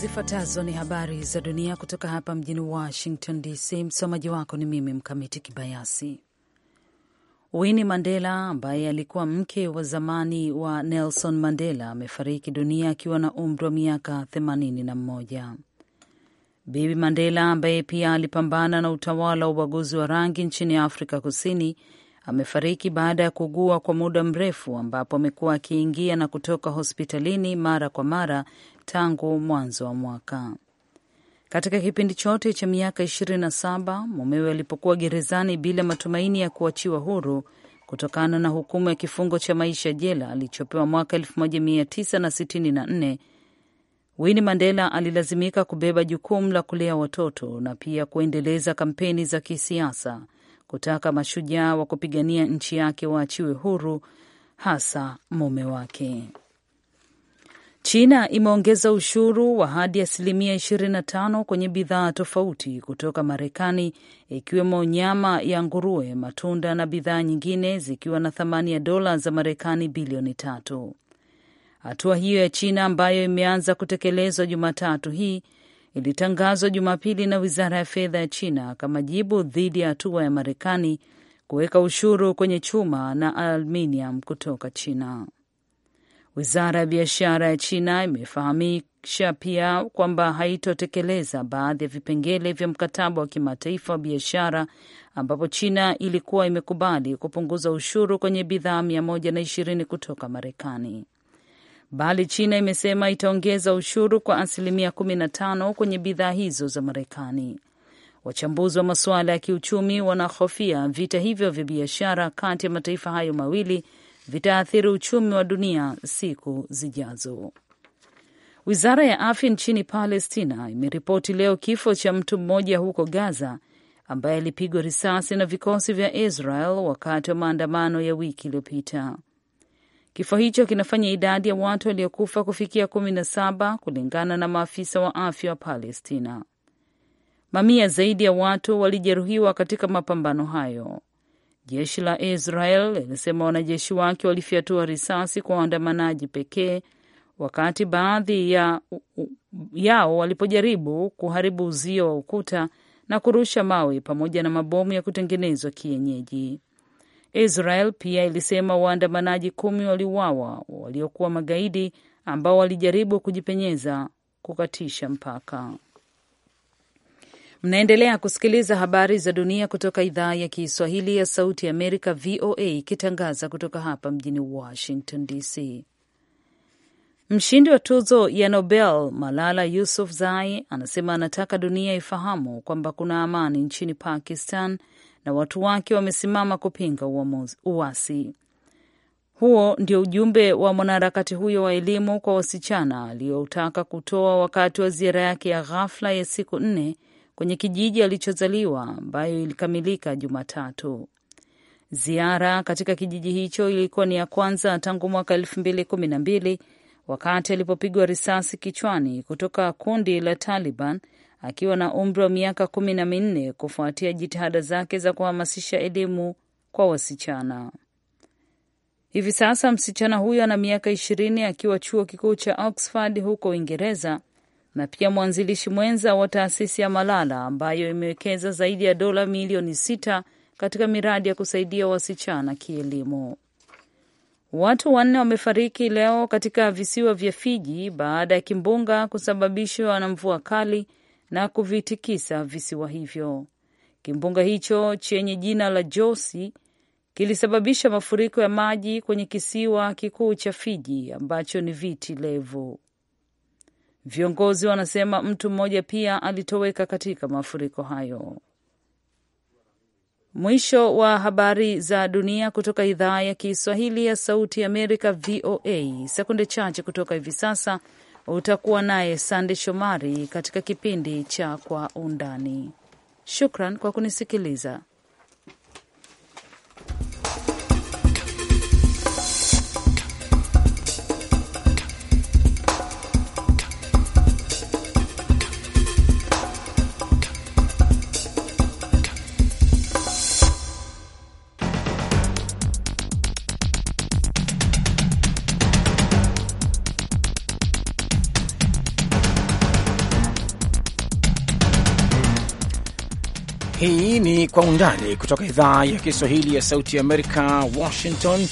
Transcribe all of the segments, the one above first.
Zifuatazo ni habari za dunia kutoka hapa mjini Washington DC. Msomaji wako ni mimi Mkamiti Kibayasi. Winnie Mandela ambaye alikuwa mke wa zamani wa Nelson Mandela amefariki dunia akiwa na umri wa miaka 81. Bibi Mandela ambaye pia alipambana na utawala wa ubaguzi wa rangi nchini Afrika Kusini amefariki baada ya kuugua kwa muda mrefu ambapo amekuwa akiingia na kutoka hospitalini mara kwa mara tangu mwanzo wa mwaka. Katika kipindi chote cha miaka 27 mumewe alipokuwa gerezani bila matumaini ya kuachiwa huru kutokana na hukumu ya kifungo cha maisha jela alichopewa mwaka 1964, Winnie Mandela alilazimika kubeba jukumu la kulea watoto na pia kuendeleza kampeni za kisiasa kutaka mashujaa wa kupigania nchi yake waachiwe huru, hasa mume wake. China imeongeza ushuru wa hadi asilimia 25 kwenye bidhaa tofauti kutoka Marekani, ikiwemo nyama ya nguruwe, matunda na bidhaa nyingine zikiwa na thamani ya dola za Marekani bilioni tatu. Hatua hiyo ya China ambayo imeanza kutekelezwa Jumatatu hii ilitangazwa Jumapili na wizara ya fedha ya China kama jibu dhidi ya hatua ya Marekani kuweka ushuru kwenye chuma na aluminium kutoka China. Wizara ya biashara ya China imefahamisha pia kwamba haitotekeleza baadhi ya vipengele vya mkataba wa kimataifa wa biashara ambapo China ilikuwa imekubali kupunguza ushuru kwenye bidhaa 120 kutoka Marekani, bali China imesema itaongeza ushuru kwa asilimia 15 kwenye bidhaa hizo za Marekani. Wachambuzi wa masuala ya kiuchumi wanahofia vita hivyo vya biashara kati ya mataifa hayo mawili vitaathiri uchumi wa dunia siku zijazo. Wizara ya afya nchini Palestina imeripoti leo kifo cha mtu mmoja huko Gaza ambaye alipigwa risasi na vikosi vya Israel wakati wa maandamano ya wiki iliyopita. Kifo hicho kinafanya idadi ya watu waliokufa kufikia kumi na saba kulingana na maafisa wa afya wa Palestina. Mamia zaidi ya watu walijeruhiwa katika mapambano hayo. Jeshi la Israel lilisema wanajeshi wake walifyatua risasi kwa waandamanaji pekee wakati baadhi ya, yao walipojaribu kuharibu uzio wa ukuta na kurusha mawe pamoja na mabomu ya kutengenezwa kienyeji. Israel pia ilisema waandamanaji kumi waliuawa waliokuwa magaidi ambao walijaribu kujipenyeza kukatisha mpaka. Mnaendelea kusikiliza habari za dunia kutoka idhaa ya Kiswahili ya Sauti Amerika, VOA, ikitangaza kutoka hapa mjini Washington DC. Mshindi wa tuzo ya Nobel Malala Yousafzai anasema anataka dunia ifahamu kwamba kuna amani nchini Pakistan na watu wake wamesimama kupinga uasi huo. Ndio ujumbe wa mwanaharakati huyo wa elimu kwa wasichana aliyotaka kutoa wakati wa ziara yake ya ghafla ya siku nne kwenye kijiji alichozaliwa ambayo ilikamilika Jumatatu. Ziara katika kijiji hicho ilikuwa ni ya kwanza tangu mwaka elfu mbili kumi na mbili wakati alipopigwa risasi kichwani kutoka kundi la Taliban akiwa na umri wa miaka kumi na minne kufuatia jitihada zake za kuhamasisha elimu kwa wasichana. Hivi sasa msichana huyo ana miaka ishirini akiwa chuo kikuu cha Oxford huko Uingereza, na pia mwanzilishi mwenza wa taasisi ya Malala ambayo imewekeza zaidi ya dola milioni sita katika miradi ya kusaidia wasichana kielimu. Watu wanne wamefariki leo katika visiwa vya Fiji baada ya kimbunga kusababishwa na mvua kali na kuvitikisa visiwa hivyo. Kimbunga hicho chenye jina la Josi kilisababisha mafuriko ya maji kwenye kisiwa kikuu cha Fiji ambacho ni viti levu. Viongozi wanasema mtu mmoja pia alitoweka katika mafuriko hayo. Mwisho wa habari za dunia kutoka idhaa ya Kiswahili ya Sauti ya Amerika, VOA. Sekunde chache kutoka hivi sasa utakuwa naye Sande Shomari katika kipindi cha Kwa Undani. Shukran kwa kunisikiliza. ni Kwa Undani kutoka idhaa ya Kiswahili ya Sauti Amerika, Washington.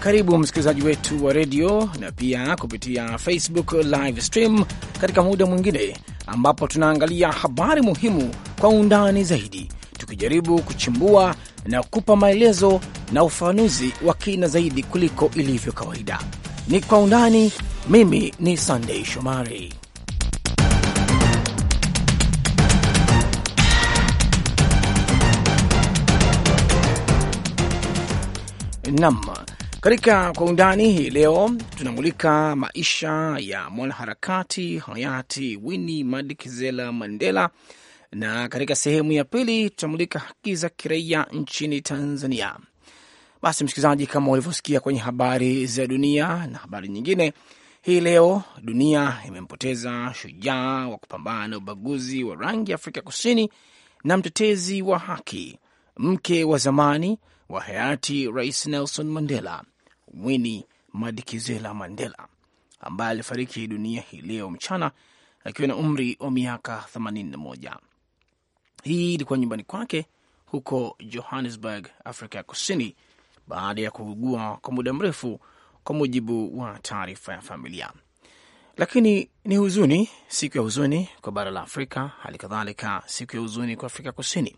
Karibu msikilizaji wetu wa redio na pia kupitia Facebook live stream katika muda mwingine ambapo tunaangalia habari muhimu kwa undani zaidi, tukijaribu kuchimbua na kupa maelezo na ufafanuzi wa kina zaidi kuliko ilivyo kawaida. Ni Kwa Undani. Mimi ni Sandei Shomari. Nam, katika kwa undani hii leo tunamulika maisha ya mwanaharakati hayati Winnie Madikizela Mandela, na katika sehemu ya pili tutamulika haki za kiraia nchini Tanzania. Basi msikilizaji, kama ulivyosikia kwenye habari za dunia na habari nyingine hii leo, dunia imempoteza shujaa wa kupambana na ubaguzi wa rangi Afrika Kusini na mtetezi wa haki, mke wa zamani wa hayati Rais Nelson Mandela, Winnie Madikizela Mandela, ambaye alifariki dunia hii leo mchana akiwa na umri wa miaka 81. Hii ilikuwa nyumbani kwake huko Johannesburg, Afrika ya Kusini, baada ya kuugua kwa muda mrefu, kwa mujibu wa taarifa ya familia. Lakini ni huzuni, siku ya huzuni kwa bara la Afrika, hali kadhalika siku ya huzuni kwa Afrika Kusini.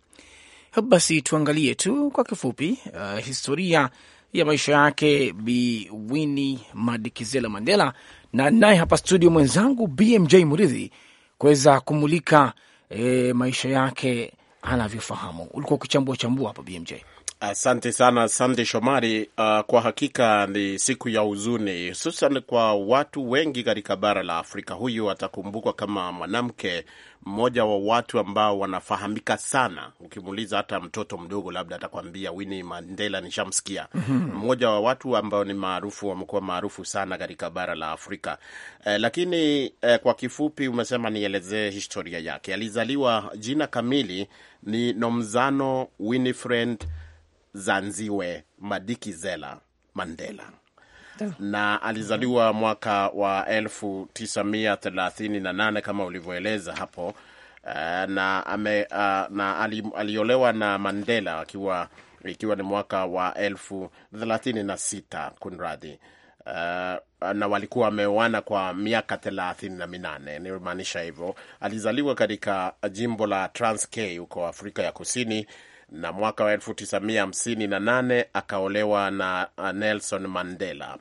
Hebu basi tuangalie tu kwa kifupi uh, historia ya maisha yake Bi Winnie Madikizela Mandela, na naye hapa studio mwenzangu BMJ Muridhi kuweza kumulika eh, maisha yake anavyofahamu. Ulikuwa ukichambua chambua hapa BMJ. Asante sana Sande Shomari. Uh, kwa hakika ni siku ya huzuni, hususan kwa watu wengi katika bara la Afrika. Huyu atakumbukwa kama mwanamke mmoja wa watu ambao wanafahamika sana. Ukimuuliza hata mtoto mdogo, labda atakwambia Winnie Mandela, nishamsikia. Mhm. Mmoja wa watu ambao ni maarufu, wamekuwa maarufu sana katika bara la Afrika. Eh, lakini eh, kwa kifupi umesema nielezee historia yake. Alizaliwa, jina kamili ni Nomzano Winifred Zanziwe Madikizela Mandela na alizaliwa mm. mwaka wa 1938 kama ulivyoeleza hapo eh, na, ame, eh, na aliolewa na Mandela akiwa ikiwa ni mwaka wa 1936 kunradhi. Uh, na walikuwa wameoana kwa miaka 38, minane nimaanisha hivyo. Alizaliwa katika jimbo la Transkei huko Afrika ya Kusini na mwaka wa 1958 akaolewa na uh, Nelson Mandela.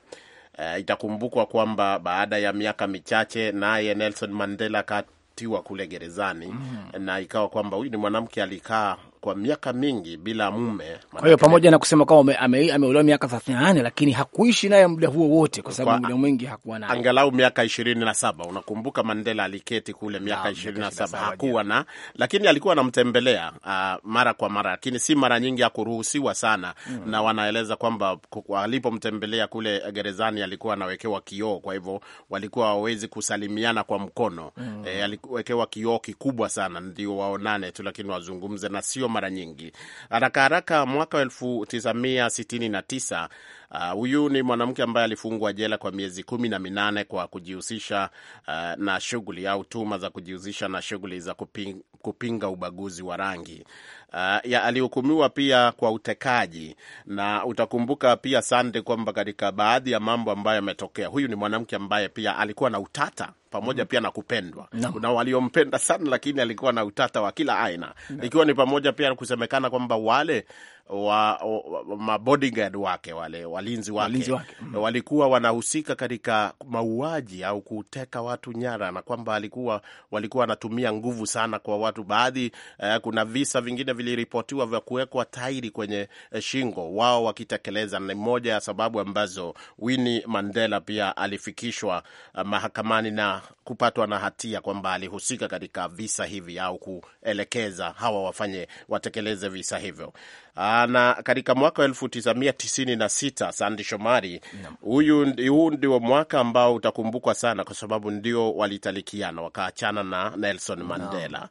Uh, itakumbukwa kwamba baada ya miaka michache naye Nelson Mandela akatiwa kule gerezani mm. na ikawa kwamba huyu ni mwanamke alikaa kwa miaka mingi bila mume. Kwa hiyo pamoja na kusema kwamba ameolewa miaka 38 lakini hakuishi naye muda huo wote, kwa sababu muda mwingi hakuwa naye, angalau miaka ishirini na saba. Unakumbuka Mandela aliketi kule miaka ishirini na saba hakuwa na, lakini alikuwa anamtembelea uh, mara kwa mara, lakini si mara nyingi, hakuruhusiwa sana mm. na wanaeleza kwamba alipomtembelea kule gerezani alikuwa anawekewa kioo, kwa hivyo walikuwa hawawezi kusalimiana kwa mkono mm. E, alikuwekewa kioo kikubwa sana ndio waonane tu, lakini wazungumze na sio mara nyingi. Haraka haraka, mwaka 1969 uh, huyu uh, ni mwanamke ambaye alifungwa jela kwa miezi kumi na minane kwa kujihusisha uh, na shughuli au tuma za kujihusisha na shughuli za kuping, kupinga ubaguzi wa rangi. Uh, alihukumiwa pia kwa utekaji, na utakumbuka pia Sande kwamba katika baadhi ya mambo ambayo yametokea, huyu ni mwanamke ambaye pia alikuwa na utata pamoja mm-hmm. pia na kupendwa. Kuna waliompenda sana, lakini alikuwa na utata wa kila aina, ikiwa ni pamoja pia kusemekana kwamba wale wa, wa, wa mabodyguard wake wale walinzi wake, walinzi wake. Mm -hmm. walikuwa wanahusika katika mauaji au kuteka watu nyara, na kwamba alikuwa walikuwa wanatumia nguvu sana kwa watu baadhi. Eh, kuna visa vingine viliripotiwa vya kuwekwa tairi kwenye eh, shingo wao wakitekeleza. Ni moja ya sababu ambazo Winnie Mandela pia alifikishwa eh, mahakamani na kupatwa na hatia kwamba alihusika katika visa hivi au kuelekeza hawa wafanye watekeleze visa hivyo. Ah, na katika mwaka wa elfu tisa mia tisini na sita Sandi Shomari, huyu huu ndio mwaka ambao utakumbukwa sana kwa sababu ndio walitalikiana wakaachana na Nelson Mandela no.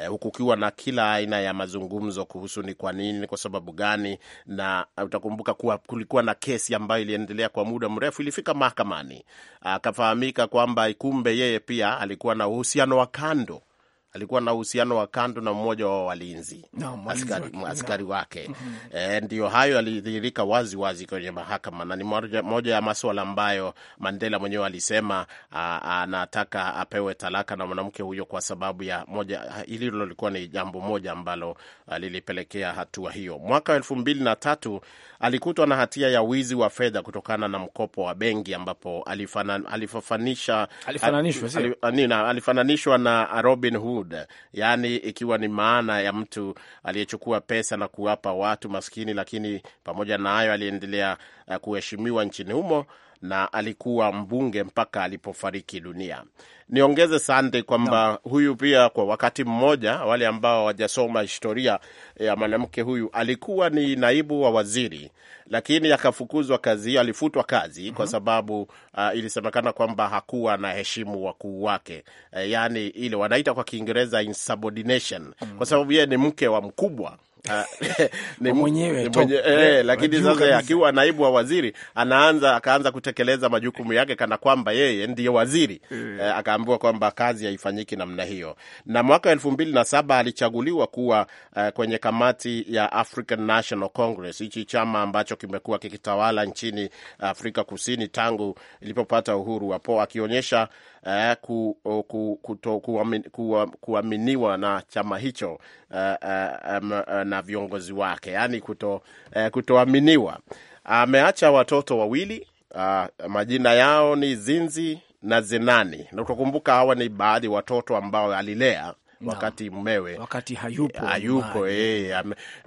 Eh, huku ukiwa na kila aina ya mazungumzo kuhusu ni kwa nini, kwa sababu gani, na utakumbuka kuwa kulikuwa na kesi ambayo iliendelea kwa muda mrefu, ilifika mahakamani, akafahamika kwamba kumbe yeye pia alikuwa na uhusiano wa kando alikuwa na uhusiano wa kando na mmoja wa walinzi no, askari, askari wake mm -hmm. E, ndio hayo yalidhihirika wazi wazi kwenye mahakama na ni moja ya maswala ambayo Mandela mwenyewe alisema anataka apewe talaka na mwanamke huyo kwa sababu ya moja, hilo lilikuwa ni jambo moja ambalo lilipelekea hatua hiyo. Mwaka elfu mbili na tatu alikutwa na hatia ya wizi wa fedha kutokana na mkopo wa benki ambapo alifananishwa na Robin Hood Masud, yaani ikiwa ni maana ya mtu aliyechukua pesa na kuwapa watu maskini, lakini pamoja na hayo aliendelea eh, kuheshimiwa nchini humo na alikuwa mbunge mpaka alipofariki dunia. Niongeze sande kwamba no. huyu pia kwa wakati mmoja, wale ambao wajasoma historia ya mwanamke huyu, alikuwa ni naibu wa waziri, lakini akafukuzwa kazi hiyo, alifutwa kazi mm -hmm. kwa mhm. sababu uh, ilisemekana kwamba hakuwa na heshimu wakuu wake uh, eh, yani ile wanaita kwa Kiingereza insubordination mm -hmm. kwa sababu yeye ni mke wa mkubwa Ah, ni mwenyewe eh, lakini sasa akiwa naibu wa waziri anaanza akaanza kutekeleza majukumu yake kana kwamba yeye ndiye waziri mm. Eh, akaambiwa kwamba kazi haifanyiki namna hiyo. Na mwaka elfu mbili na saba alichaguliwa kuwa eh, kwenye kamati ya African National Congress, hichi chama ambacho kimekuwa kikitawala nchini Afrika Kusini tangu ilipopata uhuru wapo akionyesha eh, ku, ku, kuto, kuamin, ku, kuaminiwa na chama hicho eh, eh, eh, na viongozi wake, yaani kuto, eh, kutoaminiwa. Ameacha watoto wawili uh, majina yao ni Zinzi na Zinani, na utakumbuka hawa ni baadhi watoto ambao alilea wakati mmewe wakati hayupo, hayupo e,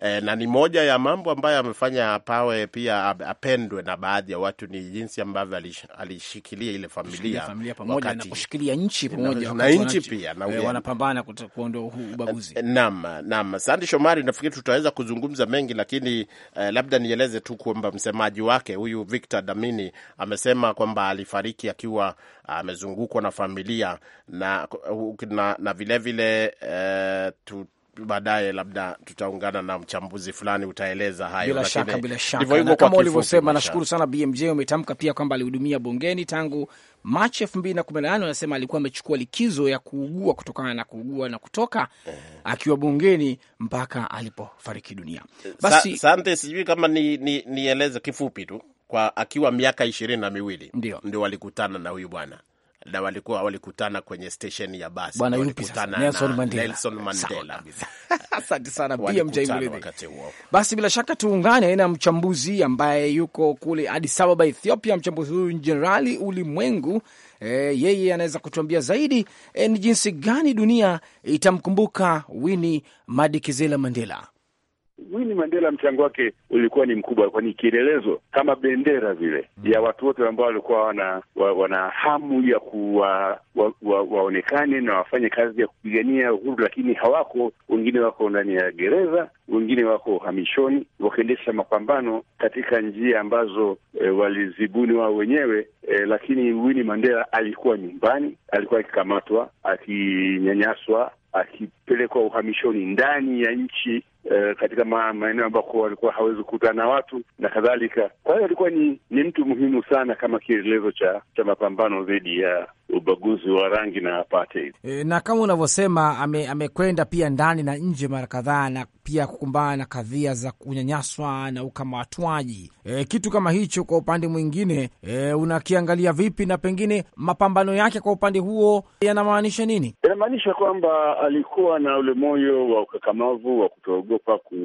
e, na ni moja ya mambo ambayo amefanya pawe pia apendwe na baadhi ya watu ni jinsi ambavyo alishikilia ile familia, familia pamoja na kushikilia nchi pamoja na nchi pia na e, wanapambana kuondoa ubaguzi. E, naam, naam. Asante Shomari, nafikiri tutaweza kuzungumza mengi, lakini eh, labda nieleze tu kwamba msemaji wake huyu Victor Damini amesema kwamba alifariki akiwa amezungukwa na familia na, na, na vilevile baadaye eh, tu baadaye labda tutaungana na mchambuzi fulani, utaeleza hayo bila shaka, bila shaka. Na kama ulivyosema, nashukuru sana BMJ, umetamka pia kwamba alihudumia bungeni tangu Machi elfu mbili na kumi na nane. Anasema alikuwa amechukua likizo ya kuugua kutokana na kuugua na kutoka eh, akiwa bungeni mpaka alipofariki dunia. Basi sante, sijui kama nieleze ni, ni kifupi tu kwa akiwa miaka ishirini na miwili ndio walikutana na huyu bwana na walikuwa walikutana kwenye stesheni ya basi, walikutana Nelson Mandela, Nelson Mandela. Asante sana Basi bila shaka tuungane na mchambuzi ambaye yuko kule Addis Ababa, Ethiopia. Mchambuzi huyu Jenerali Ulimwengu e, yeye anaweza kutuambia zaidi e, ni jinsi gani dunia itamkumbuka Winnie Madikizela Mandela. Winnie Mandela mchango wake ulikuwa ni mkubwa, kwa ni kielelezo kama bendera vile mm. ya watu wote ambao walikuwa wana, wa, wana hamu ya kuwa wa, wa, waonekane na wafanye kazi ya kupigania uhuru, lakini hawako. Wengine wako ndani ya gereza, wengine wako uhamishoni, wakiendesha mapambano katika njia ambazo e, walizibuni wao wenyewe e, lakini Winnie Mandela alikuwa nyumbani, alikuwa akikamatwa, akinyanyaswa akipelekwa uhamishoni ndani ya nchi e, katika maeneo ambako walikuwa hawezi kukutana watu na kadhalika. Kwa hiyo alikuwa ni, ni mtu muhimu sana kama kielelezo cha cha mapambano dhidi ya ubaguzi wa rangi na apartheid. E, eh, na kama unavyosema amekwenda ame pia ndani na nje mara kadhaa na pia kukumbana na kadhia za kunyanyaswa na ukamatwaji. E, kitu kama hicho kwa upande mwingine e, unakiangalia vipi na pengine mapambano yake kwa upande huo yanamaanisha nini? Yanamaanisha kwamba alikuwa na ule moyo wa ukakamavu wa kutoogopa ku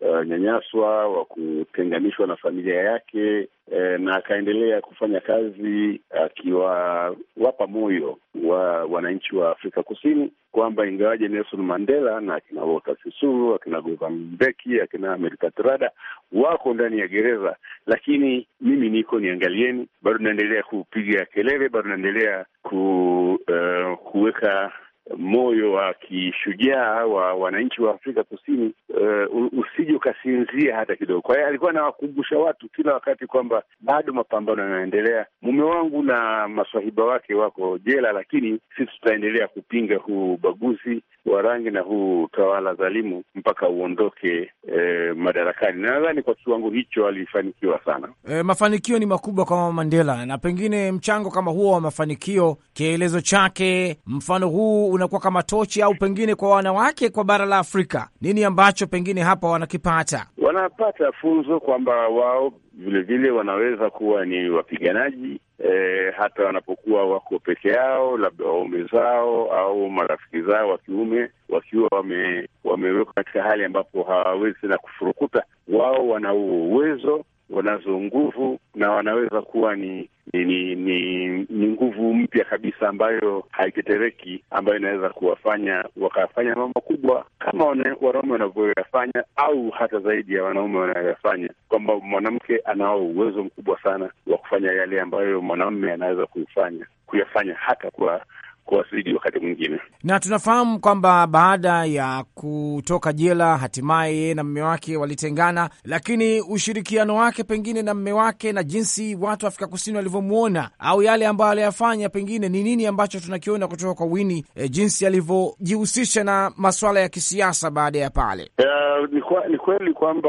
uh, nyanyaswa, wa kutenganishwa na familia yake uh, na akaendelea kufanya kazi akiwawapa moyo wa wananchi wa Afrika Kusini kwamba ingawaje Nelson Mandela na akina Walter Sisulu, akina Govan Mbeki, akina Amerika Trada wako ndani ya gereza, lakini mimi niko niangalieni, bado naendelea kupiga kelele, bado naendelea ku, uh, kuweka moyo wa kishujaa wa wananchi wa Afrika Kusini uh, usije ukasinzia hata kidogo. Kwa hiyo alikuwa anawakumbusha watu kila wakati kwamba bado mapambano yanaendelea. Mume wangu na maswahiba wake wako jela, lakini sisi tutaendelea kupinga huu ubaguzi wa rangi na huu utawala dhalimu mpaka uondoke eh, madarakani. Na nadhani kwa kiwango hicho alifanikiwa sana. E, mafanikio ni makubwa kwa Mama Mandela, na pengine mchango kama huo wa mafanikio, kielezo chake, mfano huu unakuwa kama tochi au pengine kwa wanawake kwa bara la Afrika? Nini ambacho pengine hapa wanakipata? Wanapata funzo kwamba wao vilevile wanaweza kuwa ni wapiganaji e, hata wanapokuwa wako peke yao, labda waume zao au marafiki zao wa kiume wakiwa wame, wamewekwa katika hali ambapo hawawezi na kufurukuta, wao wana uwezo wanazo nguvu na wanaweza kuwa ni ni ni, ni, ni nguvu mpya kabisa ambayo haitetereki, ambayo inaweza kuwafanya wakafanya mambo makubwa kama wanaume wanavyoyafanya au hata zaidi ya wanaume wanayoyafanya, kwamba mwanamke anao uwezo mkubwa sana wa kufanya yale ambayo mwanamume anaweza kuifanya kuyafanya hata kwa kuwasili wakati mwingine. Na tunafahamu kwamba baada ya kutoka jela hatimaye yeye na mme wake walitengana, lakini ushirikiano wake pengine na mme wake na jinsi watu Afrika Kusini walivyomwona au yale ambayo aliyafanya, pengine ni nini ambacho tunakiona kutoka kwa wini e, jinsi alivyojihusisha na maswala ya kisiasa baada ya pale? Uh, ni, kwa, ni kweli kwamba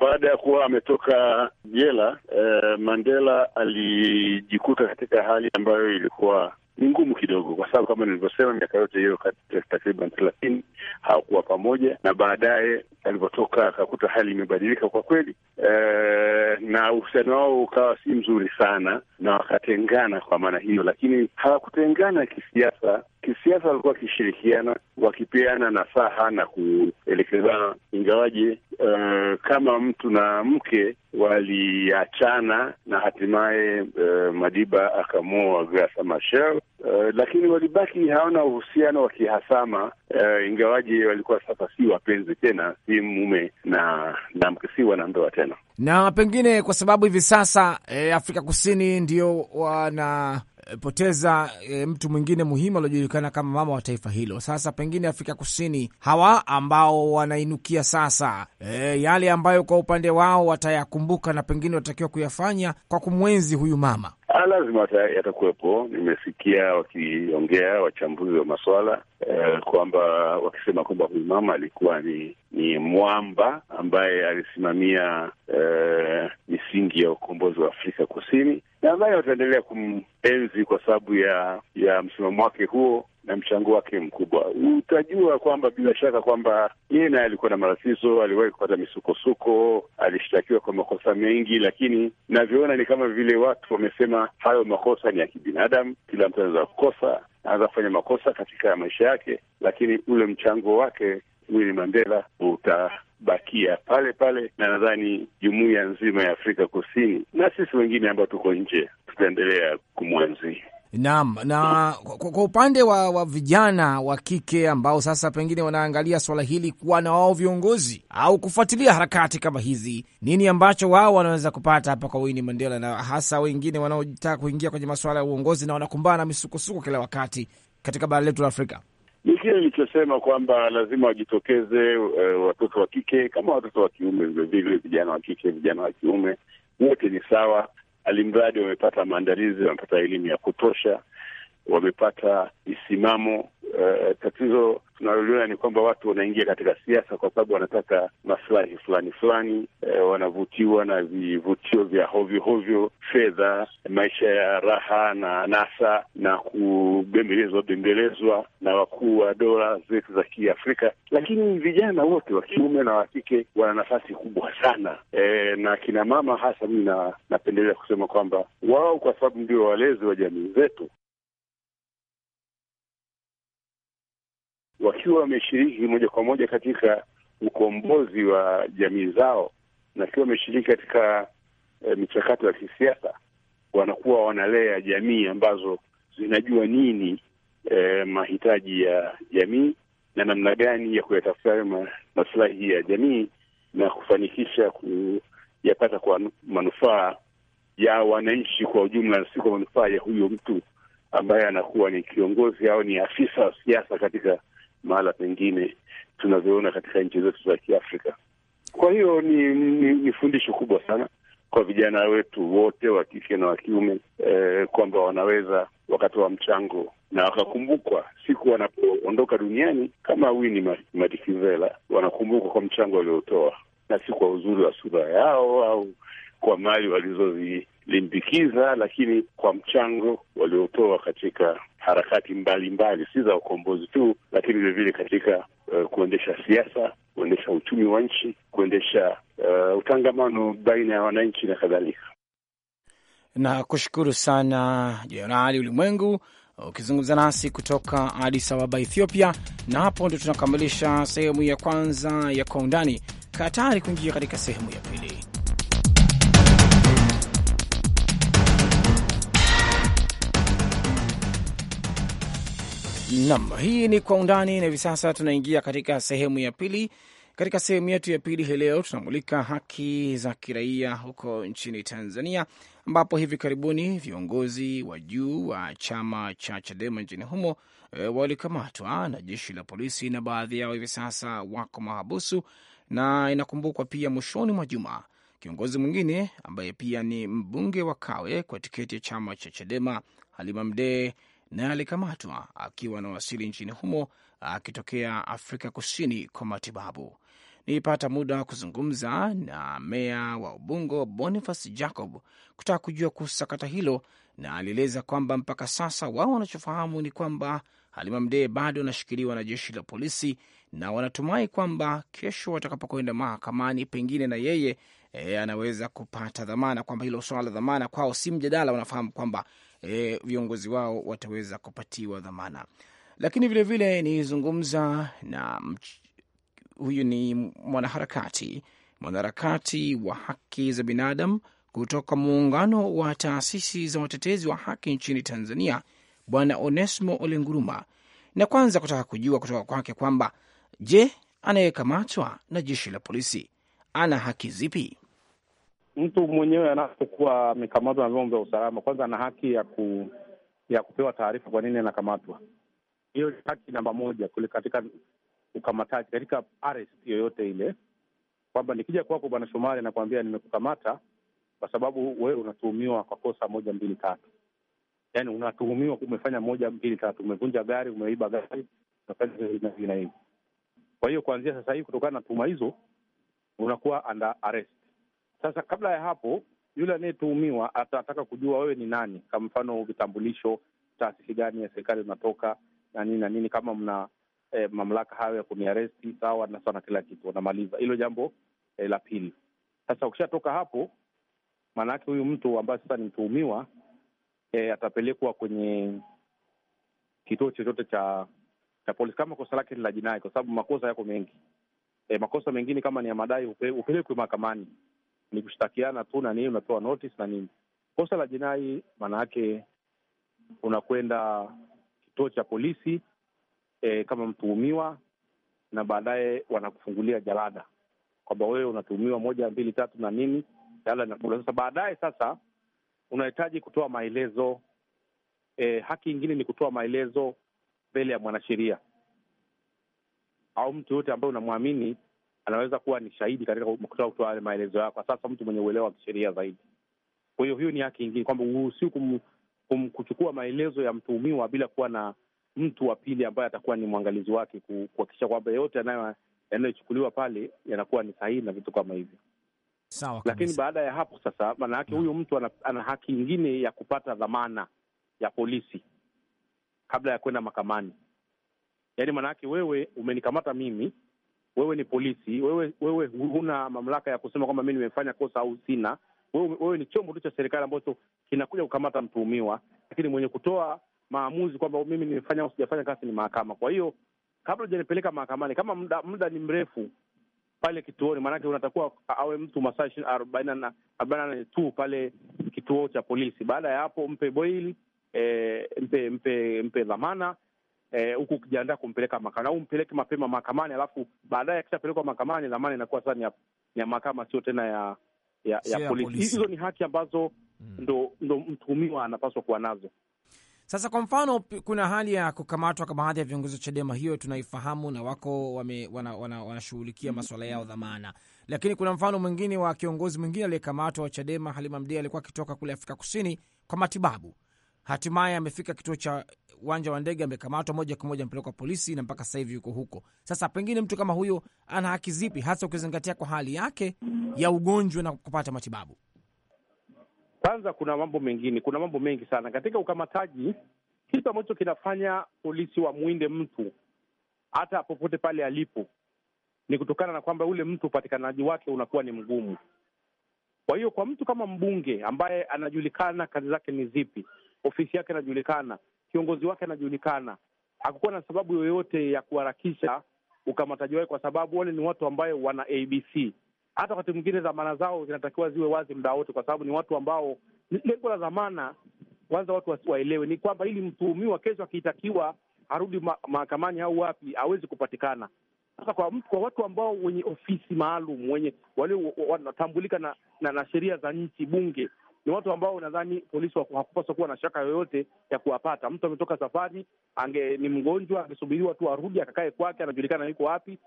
baada ya kuwa ametoka jela uh, Mandela alijikuta katika hali ambayo ilikuwa ni ngumu kidogo, kwa sababu kama nilivyosema, miaka yote hiyo takriban thelathini hawakuwa pamoja, na baadaye alivyotoka akakuta hali imebadilika kwa kweli e, na uhusiano wao ukawa si mzuri sana na wakatengana kwa maana hiyo, lakini hawakutengana kisiasa. Kisiasa walikuwa wakishirikiana, wakipeana nasaha na kuelekezana, ingawaje Uh, kama mtu na mke waliachana na hatimaye uh, Madiba akamwoa Graca Machel Uh, lakini walibaki hawana uhusiano wa kihasama uh, ingawaji walikuwa sasa si wapenzi tena, si mume na na si wanandoa tena, na pengine kwa sababu hivi sasa eh, Afrika Kusini ndio wanapoteza eh, mtu mwingine muhimu aliojulikana kama mama wa taifa hilo. Sasa pengine Afrika Kusini hawa ambao wanainukia sasa, eh, yale ambayo kwa upande wao watayakumbuka na pengine watakiwa kuyafanya kwa kumwenzi huyu mama Ah, lazima yatakuwepo. Nimesikia wakiongea wachambuzi wa maswala eh, kwamba wakisema kwamba huyu mama alikuwa ni ni mwamba ambaye alisimamia eh, misingi ya ukombozi wa Afrika Kusini, na ambaye wataendelea kumenzi kwa sababu ya ya msimamo wake huo na mchango wake mkubwa. Utajua kwamba bila shaka kwamba yeye naye alikuwa na matatizo, aliwahi kupata misukosuko, alishtakiwa kwa makosa mengi, lakini navyoona ni kama vile watu wamesema hayo makosa ni ya kibinadamu, kila mtu anaweza kukosa, anaweza kufanya makosa katika maisha yake, lakini ule mchango wake Winnie Mandela utabakia pale pale, na nadhani jumuiya nzima ya Afrika Kusini na sisi wengine ambao tuko nje tutaendelea kumwenzi. Naam, na kwa upande wa, wa vijana wa kike ambao sasa pengine wanaangalia swala hili kuwa na wao viongozi au kufuatilia harakati kama hizi, nini ambacho wao wanaweza kupata hapa kwa Winnie Mandela, na hasa wengine wanaotaka kuingia kwenye masuala ya uongozi na wanakumbana na misukosuko kila wakati katika bara letu la Afrika? Ni kile nilichosema kwamba lazima wajitokeze, uh, watoto wa kike kama watoto wa kiume vilevile, vijana wa kike, vijana wa kiume, wote ni sawa alimradi wamepata maandalizi, wamepata elimu ya kutosha wamepata misimamo. Uh, tatizo tunaloliona ni kwamba watu wanaingia katika siasa kwa sababu wanataka maslahi fulani fulani. Uh, wanavutiwa na vivutio vya hovyohovyo fedha, maisha ya raha na nasa na kubembelezwa bembelezwa na wakuu wa dola zetu za Kiafrika. Lakini vijana wote wa kiume na wa kike wana nafasi kubwa sana. Uh, na kina mama hasa, mi napendelea kusema kwamba wao, kwa sababu ndio walezi wa jamii zetu, wakiwa wameshiriki moja kwa moja katika ukombozi wa jamii zao na wakiwa wameshiriki katika e, michakato ya kisiasa, wanakuwa wanalea jamii ambazo zinajua nini e, mahitaji ya jamii na namna gani ya kuyatafuta masilahi ya jamii na kufanikisha kuyapata kwa manufaa ya wananchi kwa ujumla, si kwa manufaa ya huyo mtu ambaye anakuwa ni kiongozi au ni afisa wa siasa katika mahala pengine tunavyoona katika nchi zetu za Kiafrika. Kwa hiyo ni, ni, ni fundisho kubwa sana kwa vijana wetu wote wa kike na wa kiume eh, kwamba wanaweza wakatoa mchango na wakakumbukwa siku wanapoondoka duniani kama Winnie Madikizela, wanakumbukwa kwa mchango waliotoa na si kwa uzuri wa sura yao au kwa mali walizozilimbikiza, lakini kwa mchango waliotoa katika harakati mbalimbali, si za ukombozi tu, lakini vilevile katika uh, kuendesha siasa, kuendesha uchumi wa nchi, kuendesha uh, utangamano baina ya wananchi na kadhalika. Na kushukuru sana Jenerali Ulimwengu ukizungumza nasi kutoka Addis Ababa, Ethiopia. Na hapo ndio tunakamilisha sehemu ya kwanza ya Kwa Undani. Kaa tayari kuingia katika sehemu ya pili. Nam, hii ni kwa undani, na hivi sasa tunaingia katika sehemu ya pili. Katika sehemu yetu ya pili hii leo tunamulika haki za kiraia huko nchini Tanzania, ambapo hivi karibuni viongozi wa juu wa chama cha Chadema nchini humo e, walikamatwa na jeshi la polisi na baadhi yao hivi sasa wako mahabusu, na inakumbukwa pia mwishoni mwa juma kiongozi mwingine ambaye pia ni mbunge wa Kawe kwa tiketi ya chama cha Chadema Halima Mdee na alikamatwa akiwa anawasili nchini humo akitokea Afrika Kusini kwa matibabu. Nilipata muda wa kuzungumza na meya wa Ubungo Boniface Jacob kutaka kujua kuhusu sakata hilo, na alieleza kwamba mpaka sasa wao wanachofahamu ni kwamba Halima Mdee bado anashikiliwa na jeshi la polisi na wanatumai kwamba kesho watakapokwenda mahakamani, pengine na yeye e, anaweza kupata dhamana, kwamba hilo swala la dhamana kwao si mjadala. Wanafahamu kwamba e, viongozi wao wataweza kupatiwa dhamana. Lakini vilevile nizungumza na huyu ni mwanaharakati mwanaharakati wa haki za binadamu kutoka muungano wa taasisi za watetezi wa haki nchini Tanzania, Bwana onesimo Olenguruma, na kwanza kutaka kujua kutoka kwake kwamba je, anayekamatwa na jeshi la polisi ana haki zipi? mtu mwenyewe anapokuwa amekamatwa na vyombo vya usalama, kwanza ana haki ya ku, ya kupewa taarifa kwa nini anakamatwa. Hiyo ni haki namba moja kule katika ukamataji, katika arrest yoyote ile, kwamba nikija kwako Bwana Shomari nakwambia nimekukamata kwa sababu wewe unatuhumiwa kwa kosa moja mbili tatu, yani unatuhumiwa umefanya moja mbili tatu, umevunja gari, umeiba gari na hivi. Kwa hiyo kuanzia sasa hivi, kutokana na tuhuma hizo unakuwa under arrest. Sasa kabla ya hapo, yule anayetuhumiwa atataka kujua wewe ni nani, kwa mfano vitambulisho, taasisi gani ya serikali unatoka na nini na nini, kama mna eh, mamlaka hayo ya kuniaresti sawa nasa na kila kitu, wanamaliza hilo jambo eh, la pili. Sasa ukishatoka hapo, maanake huyu mtu ambaye sasa ni mtuhumiwa eh, atapelekwa kwenye kituo chochote cha cha polisi kama kosa lake ni la jinai, kwa sababu makosa yako mengi. E, makosa mengine kama ni ya madai upelekwe mahakamani ni kushtakiana tu na nini, unapewa notice na nini. Kosa la jinai maanayake unakwenda kituo cha polisi e, kama mtuhumiwa, na baadaye wanakufungulia jalada kwamba wewe unatuhumiwa moja mbili tatu na nini, jalada Sasa baadaye sasa unahitaji kutoa maelezo e, haki ingine ni kutoa maelezo mbele ya mwanasheria au mtu yoyote ambaye unamwamini anaweza kuwa ni shahidi katika kutoa kutoa maelezo yao, kwa sasa mtu mwenye uelewa wa kisheria zaidi. Kwa hiyo hiyo ni haki ingine kwamba huruhusiwi kum, kum, kuchukua maelezo ya mtuhumiwa bila kuwa na mtu wa pili ambaye atakuwa ni mwangalizi wake kuhakikisha kwamba yote yanayochukuliwa pale yanakuwa ni sahihi na vitu kama hivyo. Sawa, lakini baada ya hapo sasa, maana yake huyo mtu ana, ana haki ingine ya kupata dhamana ya polisi kabla ya kwenda mahakamani. Yaani maana yake wewe umenikamata mimi wewe ni polisi, wewe wewe huna mamlaka ya kusema kwamba mi nimefanya kosa au sina. Wewe, wewe ni chombo tu cha serikali ambacho kinakuja kukamata mtuhumiwa, lakini mwenye kutoa maamuzi kwamba mimi nimefanya au sijafanya kazi ni mahakama. Kwa hiyo kabla hujanipeleka mahakamani, kama muda muda ni mrefu pale kituoni, maanake unatakuwa awe mtu masaa ishirini arobaini na nane tu pale kituo cha polisi. Baada ya hapo mpe boili, e, mpe mpe mpe dhamana Eh, huku eh, ukijiandaa kumpeleka mahakamani au mpeleke mapema mahakamani, alafu baadaye akishapelekwa mahakamani dhamana inakuwa sasa ni ya, ya mahakama, sio tena ya ya, ya polisi. Hizo ni haki ambazo hmm, ndo, ndo mtuhumiwa anapaswa kuwa nazo. Sasa kwa mfano, kuna hali ya kukamatwa kwa baadhi ya viongozi wa Chadema, hiyo tunaifahamu na wako wanashughulikia wana, wana masuala yao dhamana, lakini kuna mfano mwingine wa kiongozi mwingine aliyekamatwa wa Chadema, Halima Mdee, alikuwa akitoka kule Afrika Kusini kwa matibabu hatimaye amefika kituo cha uwanja wa ndege, amekamatwa moja kwa moja, amepelekwa polisi na mpaka sasa hivi yuko huko. Sasa pengine mtu kama huyo ana haki zipi, hasa ukizingatia kwa hali yake ya ugonjwa na kupata matibabu? Kwanza kuna mambo mengine, kuna mambo mengi sana katika ukamataji. Kitu ambacho kinafanya polisi wamwinde mtu hata popote pale alipo ni kutokana na kwamba yule mtu upatikanaji wake unakuwa ni mgumu. Kwa hiyo kwa mtu kama mbunge ambaye anajulikana kazi zake ni zipi, ofisi yake inajulikana, kiongozi wake anajulikana. Hakukuwa na sababu yoyote ya kuharakisha ukamataji wake, kwa sababu wale ni watu ambayo wana abc hata wakati mwingine dhamana zao zinatakiwa ziwe wazi muda wote, kwa sababu ni watu ambao lengo la dhamana kwanza watu waelewe ni kwamba ili mtuhumiwa kesho akitakiwa arudi mahakamani au wapi awezi kupatikana. Sasa kwa, kwa watu ambao wenye ofisi maalum wenye wale wanatambulika na, na, na sheria za nchi bunge ni watu ambao nadhani polisi hakupaswa kuwa na shaka yoyote ya kuwapata. Mtu ametoka safari, ange ni mgonjwa, angesubiriwa tu arudi akakae kwake, anajulikana yuko wapi,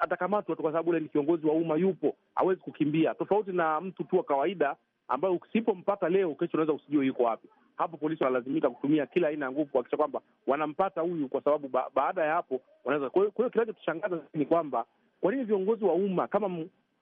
atakamatwa tu, kwa sababu ule ni kiongozi wa umma, yupo, hawezi kukimbia, tofauti na mtu tu wa kawaida ambayo usipompata leo, kesho unaweza usijue yuko wapi. Hapo polisi wanalazimika kutumia kila aina ya nguvu kuhakikisha kwamba wanampata huyu, kwa sababu ba baada ya hapo wanaweza. Kwa hiyo kinachotushangaza ni kwamba kwa nini viongozi wa umma kama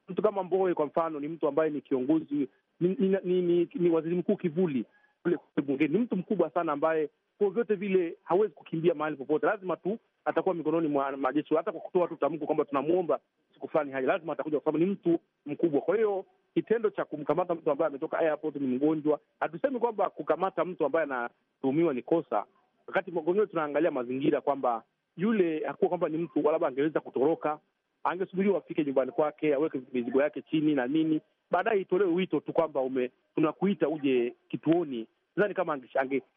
mtu kama Mbowe kwa mfano, ni mtu ambaye ni kiongozi ni, ni, ni, ni, ni waziri mkuu kivuli kule bungeni. Ni mtu mkubwa sana ambaye kwa vyote vile hawezi kukimbia mahali popote, lazima tu atakuwa mikononi mwa majeshi. Hata kwa kutoa tu tamko kwamba tunamwomba siku fulani haja, lazima atakuja, kwa sababu ni mtu mkubwa. Kwa hiyo kitendo cha kumkamata mtu ambaye ametoka airport, ni mgonjwa. Hatusemi kwamba kukamata mtu ambaye anatuhumiwa ni kosa, wakati mgonjwa, tunaangalia mazingira kwamba yule hakuwa kwamba ni mtu labda angeweza kutoroka, angesubiriwa afike nyumbani kwake aweke mizigo yake chini na nini, baadaye itolewe wito tu kwamba ume- tunakuita uje kituoni. Sidhani kama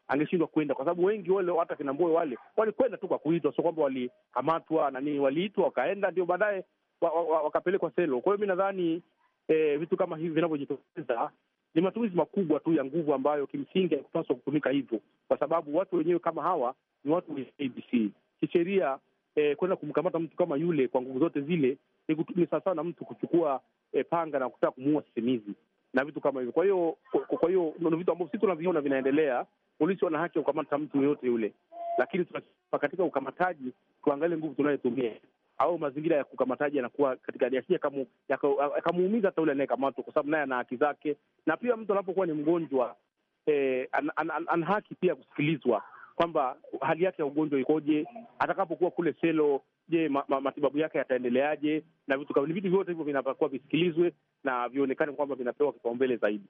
angeshindwa kwenda, kwa sababu wengi wale hata kina Mbowe wale walikwenda tu kwa kuitwa, sio kwamba walikamatwa na nini, waliitwa wakaenda, ndio baadaye wakapelekwa wa, wa, selo. Kwa hiyo mi nadhani eh, vitu kama hivi vinavyojitokeza ni matumizi makubwa tu ya nguvu ambayo kimsingi haikupaswa kutumika hivyo, kwa sababu watu wenyewe kama hawa ni watu wenye ABC kisheria. Eh, kwenda kumkamata mtu kama yule kwa nguvu zote zile ni sawasawa na mtu kuchukua e, panga na kutaka kumuua sisimizi na vitu kama hivyo. Kwa hiyo kwa hiyo ni vitu ambavyo sisi tunaviona vinaendelea. Polisi wana haki ya kukamata mtu yoyote yule, lakini katika ukamataji tuangalie nguvu tunayotumia au mazingira ya kukamataji yanakuwa katika yasije yakamuumiza hata yule anayekamatwa, kwa sababu naye ana haki zake, na pia mtu anapokuwa ni mgonjwa eh, an, an, an, an haki pia kusikilizwa kwamba hali yake ya ugonjwa ikoje, atakapokuwa kule selo je, ma, ma, matibabu yake yataendeleaje na vitu kama vitu vyote hivyo vinapakuwa visikilizwe na vionekane kwamba vinapewa kipaumbele zaidi.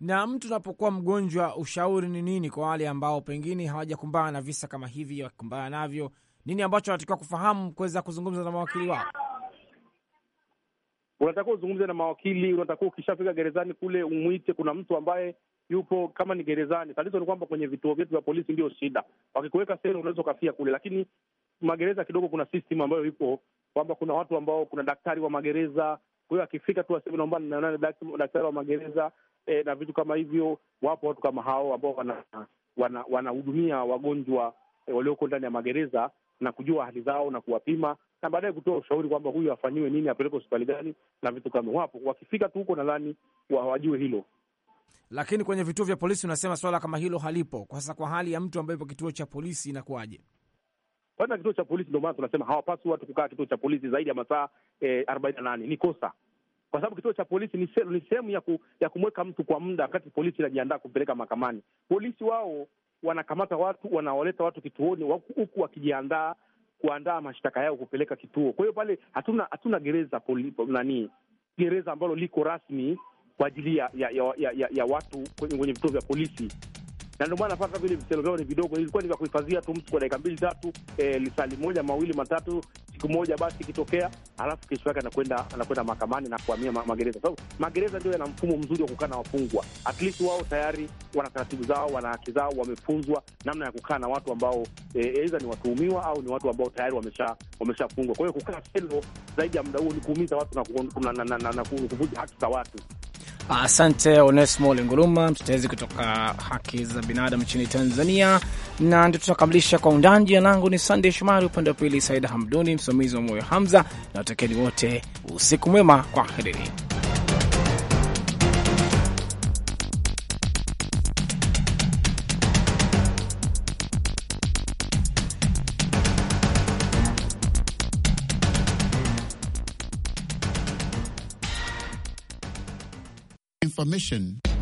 Na mtu unapokuwa mgonjwa, ushauri ni nini kwa wale ambao pengine hawajakumbana na visa kama hivi, wakikumbana navyo, nini ambacho wanatakiwa kufahamu kuweza kuzungumza na mawakili wao? Unatakiwa uzungumze na mawakili, unatakiwa ukishafika gerezani kule umwite, kuna mtu ambaye yupo kama ni gerezani. Tatizo ni kwamba kwenye vituo vyetu vya polisi ndio shida, wakikuweka sehemu unaweza ukafia kule, lakini magereza kidogo kuna system ambayo ipo kwamba kuna watu ambao kuna daktari wa magereza. Kwa hiyo akifika tu aseme naomba nionane daktari wa magereza e, na vitu kama hivyo. Wapo watu kama hao ambao wanahudumia wana, wana wagonjwa e, walioko ndani ya magereza na kujua hali zao na kuwapima na baadaye kutoa ushauri kwamba huyu afanyiwe nini, apelekwe hospitali gani na vitu kama. Wapo wakifika tu huko, nadhani wajue hilo. Lakini kwenye vituo vya polisi unasema swala kama hilo halipo kwa sasa. Kwa hali ya mtu ambaye ipo kituo cha polisi inakuwaje? kwanza kituo cha polisi. Ndio maana tunasema hawapaswi watu kukaa kituo cha polisi zaidi ya masaa eh, arobaini na nane ni kosa, kwa sababu kituo cha polisi ni sehemu ya, ku, ya kumweka mtu kwa muda wakati polisi inajiandaa kumpeleka mahakamani. Polisi wao wanakamata watu wanawaleta watu kituoni huku wakijiandaa kuandaa mashtaka yao kupeleka kituo. Kwa hiyo pale hatuna hatuna gereza poli, nani gereza ambalo liko rasmi kwa ajili ya, ya, ya, ya, ya watu kwenye vituo vya polisi na ndio maana mpaka vile vitendo vyao ni vidogo, ilikuwa ni vya kuhifadhia tu mtu kwa dakika mbili tatu, e, lisali moja mawili matatu, siku moja basi ikitokea, alafu kesho yake anakwenda anakwenda mahakamani na kuhamia magereza, sababu so, magereza ndio yana mfumo mzuri wa kukaa na wafungwa. At least wao tayari wana taratibu zao, wana haki zao, wamefunzwa namna ya kukaa na watu ambao aidha eh, e, ni watuhumiwa au ni watu ambao tayari wamesha wameshafungwa. Kwa hiyo kukaa selo zaidi ya muda huo ni kuumiza watu na kuvunja haki za watu. Asante Onesmo Lenguruma, mtetezi kutoka haki za binadamu nchini Tanzania. Na ndio tunakamilisha kwa undani. Jina langu ni Sandey Shomari, upande wa pili Saida Hamduni, msimamizi wa Moyo Hamza na watakeni wote usiku mwema, kwa herini information